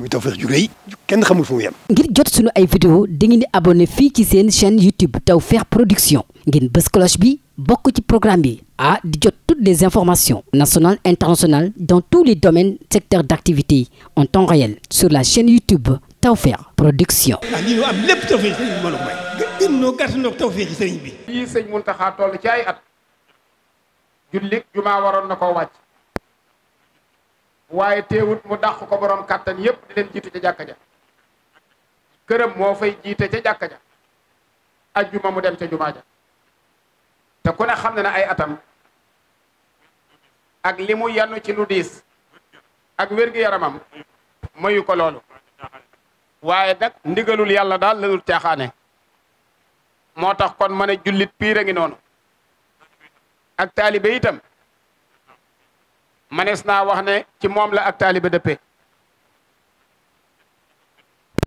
muy Tawfekh ju rëy kenn xamul fu mu ngir jot sunu ay vidéo dangeen di abonné fii ci seen chaîne YouTube Tawfekh Production ngeen bës bi bokk ci programme bi ah di jot toutes les informations nationales internationales dans tous les domaines secteurs d'activité en temps réel sur la chaîne YouTube Tawfekh Production. ah lii ñu am lépp Tawfekh sëriñ bi bi. lii sëñ Mountakha toll ci ay at. jullit jumaa waroon na koo wàcc. waaye teewut mu dàq ko boroom kàttan yépp di leen jiitu ca jàkka ja këram moo fay jiite ca jàkka ja ajjuma mu dem ca jumaa ja te ku ne xam ne na ay atam ak li mu yannu ci lu diis ak wér yaramam mayu ko loolu waaye nag ndigalul yàlla daal lanul caaxaane moo tax kon ma ne jullit piir a ngi noonu ak taalibe itam manees naa wax ne ci moom la ak taaliba dëppe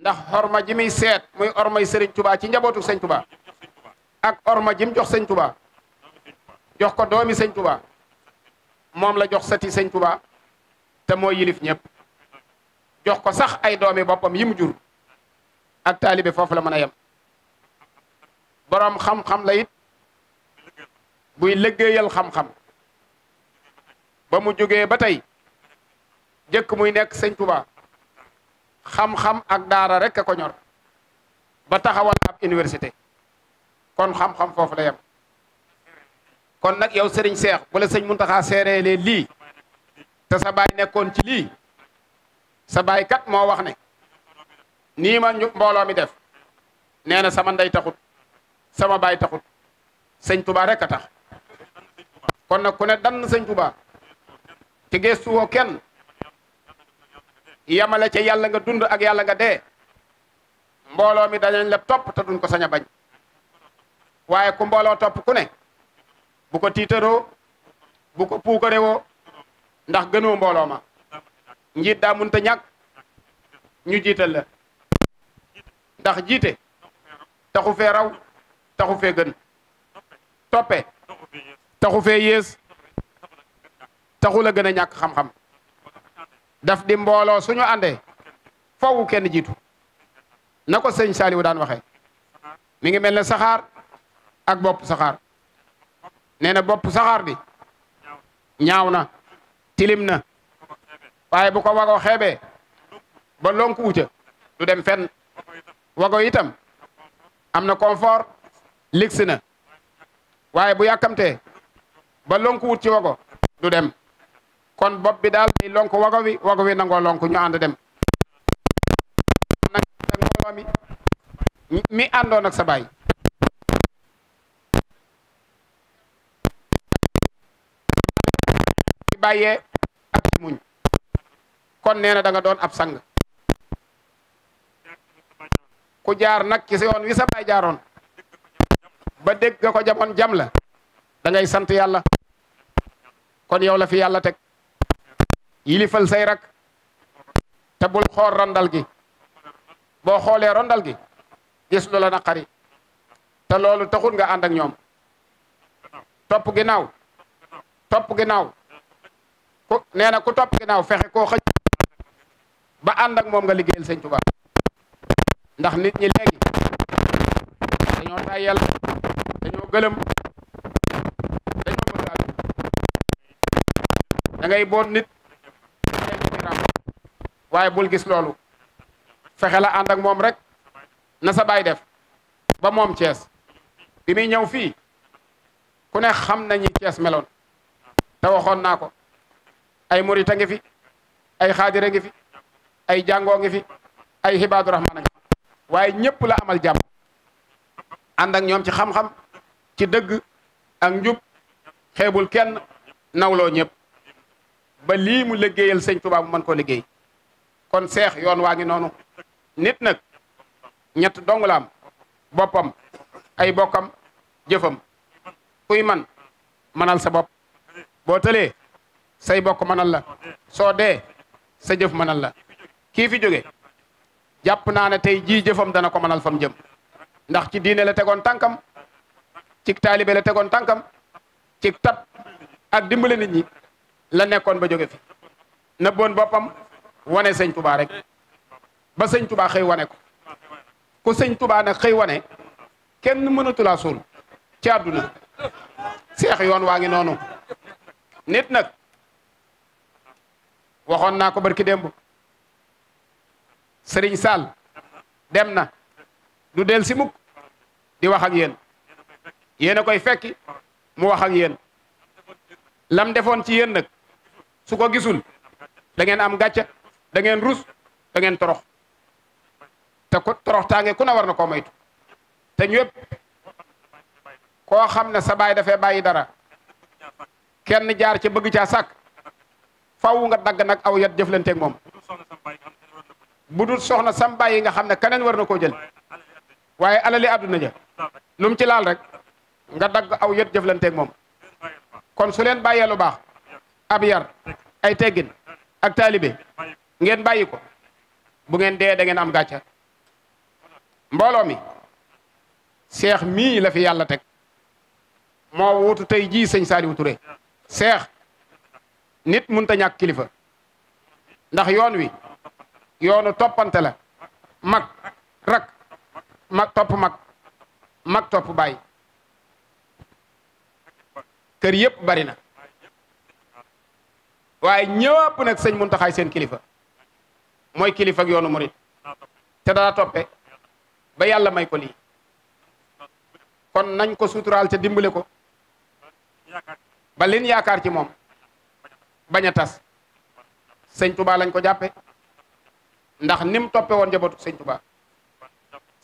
ndax ma ji muy seet muy ormay sëriñ tubaa ci njabootu sëñ tubaa ak or ma jim jox sëñ tubaa jox ko doomi sëñ tubaa moom la jox sati sëñ tubaa te moo yilif ñëpp jox ko sax ay doomi boppam yi mu jur ak taalibe foofu la mën a yem boroom xam-xam la it buy liggéeyal xam-xam ba mu jógee ba tey jëkk muy nekk sëñ Touba xam-xam ak daara rek a ko ñor ba taxawal ab université kon xam-xam foofu la kon nag yow sëriñ Seex wala sëñ Muntaxa seeree lee lii te sa baay nekkoon ci lii sa baay kat moo wax ne nii ma ñu mbooloo mi def nee na sama ndey taxut sama baay taxut sëñ Touba rek a tax kon nag ku ne dan sëñ Touba te geestuwoo kenn yamale ca yàlla nga dund ak yàlla nga dee mbooloo mi danañ la topp te duñ ko sañ a bañ waaye ku mbooloo topp ku ne bu ko tiitaroo bu ko ndax gënoo mbooloo ma njiit daa mënta ñàkk ñu jiital la ndax jiite taxu fee raw taxu fee gën toppe taxu fee yées taxul a gën a ñàkk xam-xam daf di mbooloo suñu àndee foofu kenn jiitu na ko sëñ Saliou daan waxee mi ngi mel ne saxaar ak bopp saxaar nee na bopp saxaar bi ñaaw na tilim na waaye bu ko wago xeebee ba lonk wuca du dem fenn wago itam am na confort ligsi na waaye bu yàkkamtee ba lonk wut ci wago du dem kon bopp bi daal day lonk wago wi wago wi nangoo lonk ñu ànd dem nag ak mi mi ak sa baay ci bàyyee ak ci muñ kon nee na da doon ab sang ku jaar nag ci yoon wi sa baay jaaroon ba dëgg nga ko jamoon jam la dangay sant yàlla kon yow la fi yàlla teg yilifal say rak te bul xool randal gi boo xoolee rondal gi gis lu la naqari te loolu taxul nga ànd ak ñoom topp ginnaaw topp ginnaaw ku nee na ku topp ginnaaw fexe koo xëj ba ànd moom nga liggéeyal sëñ Tuubaa ndax nit ñi léegi dañoo tàyyal dañoo gëlëm dañoo bëgg da ngay boot nit waaye bul gis loolu fexe la ànd ak moom rek na sa baay def ba moom cees bi muy ñëw fii ku ne xam nañu Thiès meloon te waxoon naa ko ay murit ngi fi ay xaadira ngi fi ay jàngoo ngi fi ay xibaadu rahmaan ngi fi waaye ñëpp la amal jàmm ànd ak ñoom ci xam-xam ci dëgg ak njub xeebul kenn nawloo ñëpp ba lii mu liggéeyal sëñ Tuubaa mu mën koo liggéey kon seex yoon waa ngi noonu nit nag ñett dong la am boppam ay bokkam jëfam kuy man manal sa bopp boo tëlee say bokk manal la soo dee sa jëf manal la kii fi jóge jàpp naa ne tey jii jëfam dana ko manal fam jëm ndax ci diine la tegoon tànkam ci taalibe la tegoon tànkam ci tab ak dimbale nit ñi la nekkoon ba jóge fi nëbboon boppam wane sëñ tubaa rek ba sëñ tubaa xëy wane ko ku sëñ tubaa nag xëy wane kenn mënatulaa suul ci àdduna seex yoon waa ngi noonu nit nag waxoon naa ko barki démb sëriñ Sall dem na du del si mukk di wax ak yéen a koy fekki mu wax ak yéen lam defoon ci yéen nag su ko gisul da ngeen am gàcca da ngeen rus dangeen ngeen torox te ku torox tànge ku ne war na koo moytu te ñëpp koo xam ne sa baay dafay bàyyi dara kenn jaar ci bëgg caa sàkk faw nga dagg nag aw yat jëflanteeg moom bu dul soxna sam baay yi nga xam ne keneen war na koo jël waaye alali àdduna ja lu ci laal rek nga dagg aw yat jëflanteeg moom kon su leen bàyyee lu baax ab yar ay teggin ak taalibe ngeen bàyyi ko bu ngeen dee da ngeen am gàcca mbooloo mi seex mii la fi yàlla teg moo wutu tey jii sëñ Saliou Touré seex nit munta ñàkk kilifa ndax yoon wi yoonu toppante la mag rak mag topp mag mag topp bàyyi kër yëpp bari na waaye ñëpp nag sëñ Muntaxaay seen kilifa mooy kilifa ak yoonu murit te daa toppe ba yàlla may ko lii kon nañ ko suturaal ca dimbale ko ba leen yaakaar ci moom bañ a tas sëñ Touba lañ ko jàppe ndax ni mu toppe woon njabootu sëñ Touba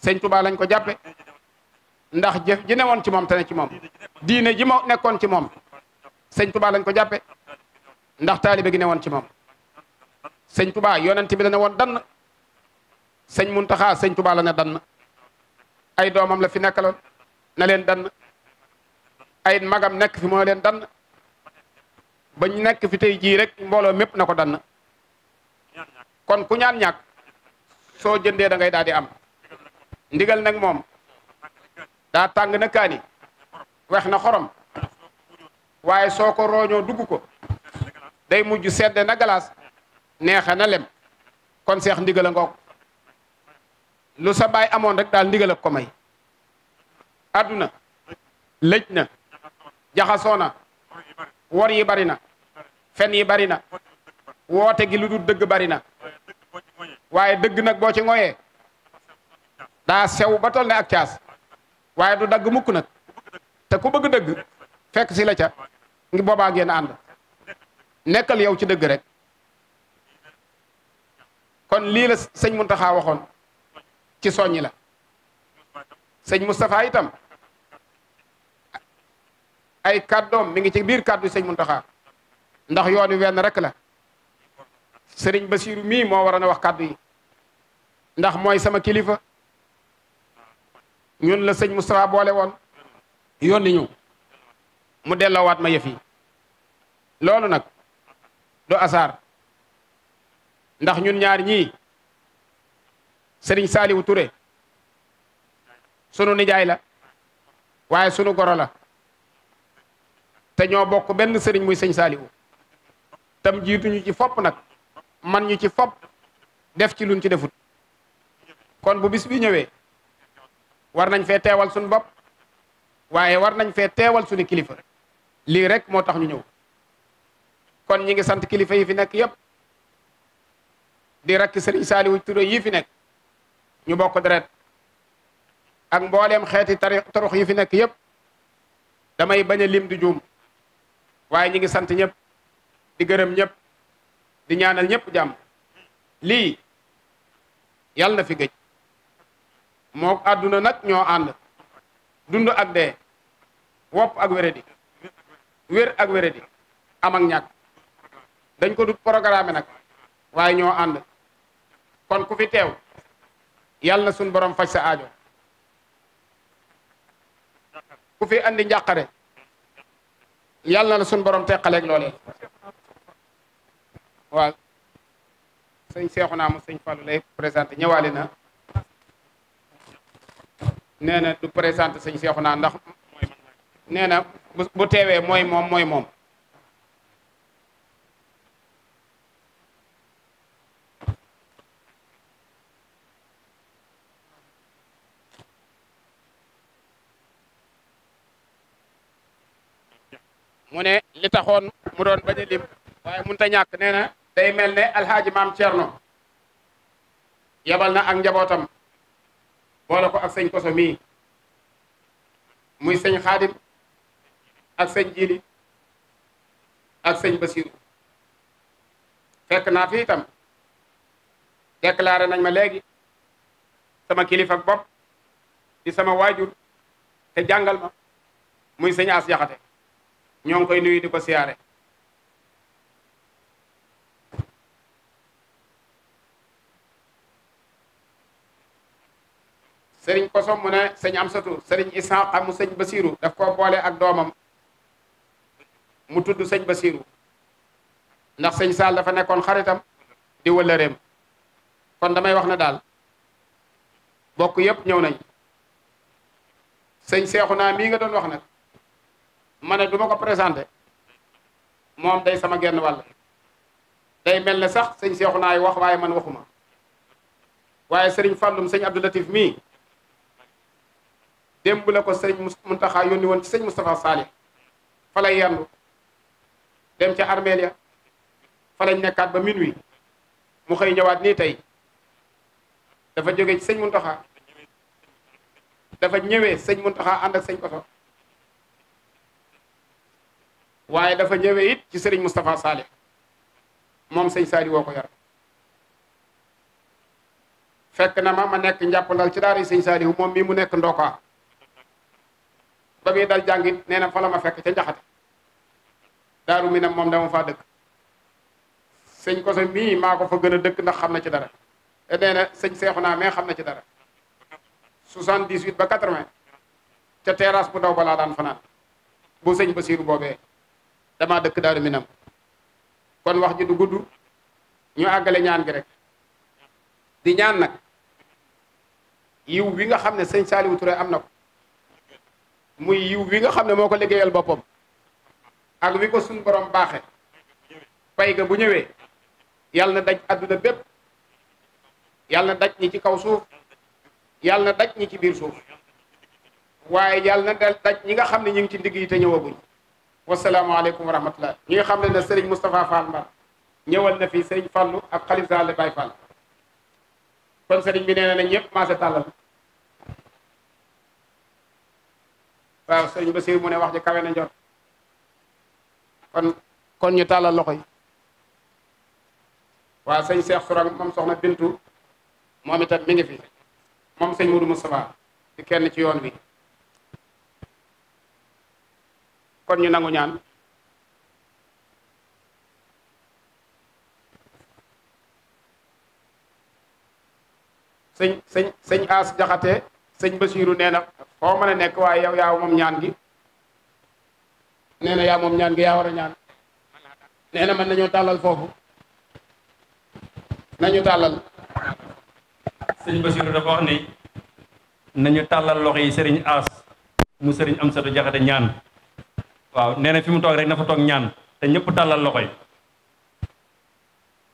sëñ Touba lañ ko jàppe ndax jëf ji woon ci moom te ne ci moom diine ji ma nekkoon ci moom sëñ Touba lañ ko jàppe ndax taalibe gi newoon ci moom sëñ tubaa yonent bi la ne woon dann sëñ muntaxaa sëñ tubaa la ne dan ay doomam la fi nekkaloon na leen dann ay magam nekk fi moo leen dan bañ nekk fi tey jii rek mbooloo mépp na ko dann kon ku ñaan ñàkk soo jëndee da ngay daal di am ndigal nag moom daa tàng na kaani weex na xorom waaye soo ko rooñoo dugg ko day mujj sedd na galaas neexe na lem kon seex ndigal a ngoog lu sa baay amoon rek daal ndigal ak ko may adduna lëj na jaxasoo na wor yi bari na fen yi bari na woote gi lu dul dëgg bari na waaye dëgg nag boo ci ngoyee daa sew ba tol ne ak caas waaye du dagg mukk nag te ku bëgg dëgg fekk si la ca ngi boobaa ngeen ànd nekkal yow ci dëgg rek kon lii la sëñ Muntaxa waxoon ci soññi la sëñ Moustapha itam ay kàddoom mi ngi ci biir kàddu sëñ Muntaxa ndax yoon wi wenn rekk la sëriñ Basiiru mii moo waroon wax kàddu yi ndax mooy sama kilifa ñun la sëñ Moustapha boole woon yónni ñu mu delloowaat ma yëf yi loolu nag du asaar ndax ñun ñaar ñii sëriñ Saaliwu Ture sunu nijaay la waaye sunu goro la te ñoo bokk benn sëriñ muy sëñ Saaliwu tam jiituñu ci fopp nag man ñu ci fopp def ci luñ ci defut kon bu bis bi ñëwee war nañ fee teewal suñu bopp waaye war nañ fee teewal kilifa lii rek moo tax ñu ñëw kon ñi ngi sant kilifa yi fi nekk yépp di rakk sëriñ Saaliwu Ture yi fi nekk ñu bokk deret ak mbooleem xeeti tari torux fi nekk yépp damay bañ a lim di jum waaye ñi ngi sant ñëpp di gërëm ñëpp di ñaanal ñëpp jàmm lii yàlla na fi gëj moo àdduna nag ñoo ànd dund ak dee wopp ak wéredi wér ak wéredi am ak ñàkk dañ ko du programme nag waaye ñoo ànd kon ku fi teew yàlla na suñ borom faj sa ajo ku fi andi njàqare yàlla la suñ borom teqaleeg loole waaw sëñ seexu naa mu sëñ Fallou lay présenté ñëwaale na nee na du présenté sëñ seexu naa ndax nee na bu teewee mooy moom mooy moom mu ne li taxoon mu doon bañ a lim waaye mun a ñàkk nee na day mel ne alxaaji maam Thierno yebal na ak njabootam boole ko ak sëñ koso mii muy sëñ xaadim ak sëñ jili ak sëñ basiru fekk naa fi itam déclaré nañ ma léegi sama kilifa bopp di sama waajur te jàngal ma muy sëñ as jaxate ñoo ngi koy nuyu di ko siyaare sëriñ kosom mu ne sëñ am Amsatu sëriñ Isaaqa mu sëñ Basiiru daf koo boole ak doomam mu tudd sëñ Basiiru ndax sëñ Saal dafa nekkoon xaritam di wëllëreem kon damay wax ne daal bokk yépp ñëw nañ sëñ Seexu naa mii nga doon wax ne ma ne du ko présenté moom day sama genn wàll day mel ne sax sëñ seexu naay wax waaye man waxuma waaye sëriñ fàllum sëñ Abdou Latif mii démb la ko sëriñ Muntaxa yónni woon ci sëñ Moustapha Salih fa lay yandu dem ca armeel ya fa lañ nekkaat ba minuit mu xëy ñëwaat nii tey dafa jóge ci sëñ Muntaxa dafa ñëwee sëñ Muntaxa ànd ak sëñ Koso waaye dafa ñëwee it ci sëriñ Moustapha Salih moom sëñ Saliou woo ko yar fekk na ma ma nekk njàpp njàppandal ci daara sëñ Saliou moom mii mu nekk ndoka ba muy dal jàngit nee na fa la fekk ca njaxate daaru mi nag moom dama faa dëkk sëñ koso mii maa ko fa gën a dëkk ndax xam na ci dara e nee na sëñ seexu naa mais xam na ci dara 78 ba 80 ca terrasse bu ndaw balaa daan fanaan bu sëñ Basiiru boobee damaa dëkk daaru minam kon wax ji du gudd ñu àggale ñaan gi rek di ñaan nag yiw wi nga xam ne sëñ Saliou Touré am na ko muy yiw wi nga xam ne moo ko liggéeyal boppam ak wi ko suñ borom baaxe pay ga bu ñëwee yàlla na daj adduna bépp yàlla na daj ñi ci kaw suuf yàlla na daj ñi ci biir suuf waaye yàlla na daj ñi nga xam ne ñu ngi ci ndigg yi te ñëwaguñ wasalaamualeykum wa rahmatullah ñi xam ne ne Serigne Moustapha Fall Mbar ñëwal na fii Serigne Fallou ak Khalifa Sall Baye Fall kon Serigne bi nee na nañ ñëpp maase tàllal waaw Serigne Bassirou mu ne wax ji kawe na njot kon ñu tàllal loxo yi waaw sëñ Cheikh moom soxna Bintu moom itam mi ngi fi moom sëñ Moudou Moustapha kenn ci yoon wi kon ñu nangu ñaan sëñ sëñ sëñ As Jaxate sëñ Basiiru nee na foo mën a nekk waaye yow yaa moom ñaan gi nee na yaa moom ñaan gi yaa war a ñaan nee na mën nañoo tàllal foofu ñu tàllal sëñ Basiiru dafa wax ni nañu tàllal loxo yi sëriñ As mu sëriñ Amsatu Jaxate ñaan waaw nee na fi mu toog rek na fa toog ñaan te ñëpp tàllal loxo yi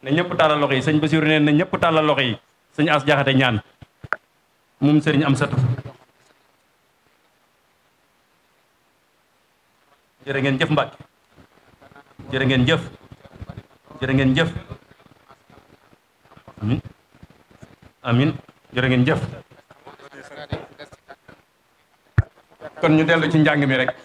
ne ñëpp tàllal loxo yi sëñ Basiru nee na ñëpp tàllal loxo yi sëñ As Jaxate ñaan moom sëriñ am satu jërë ngeen jëf Mbàkke jërë ngeen jëf jërë ngeen jëf amin ngeen jëf kon ñu dellu ci njàng mi rek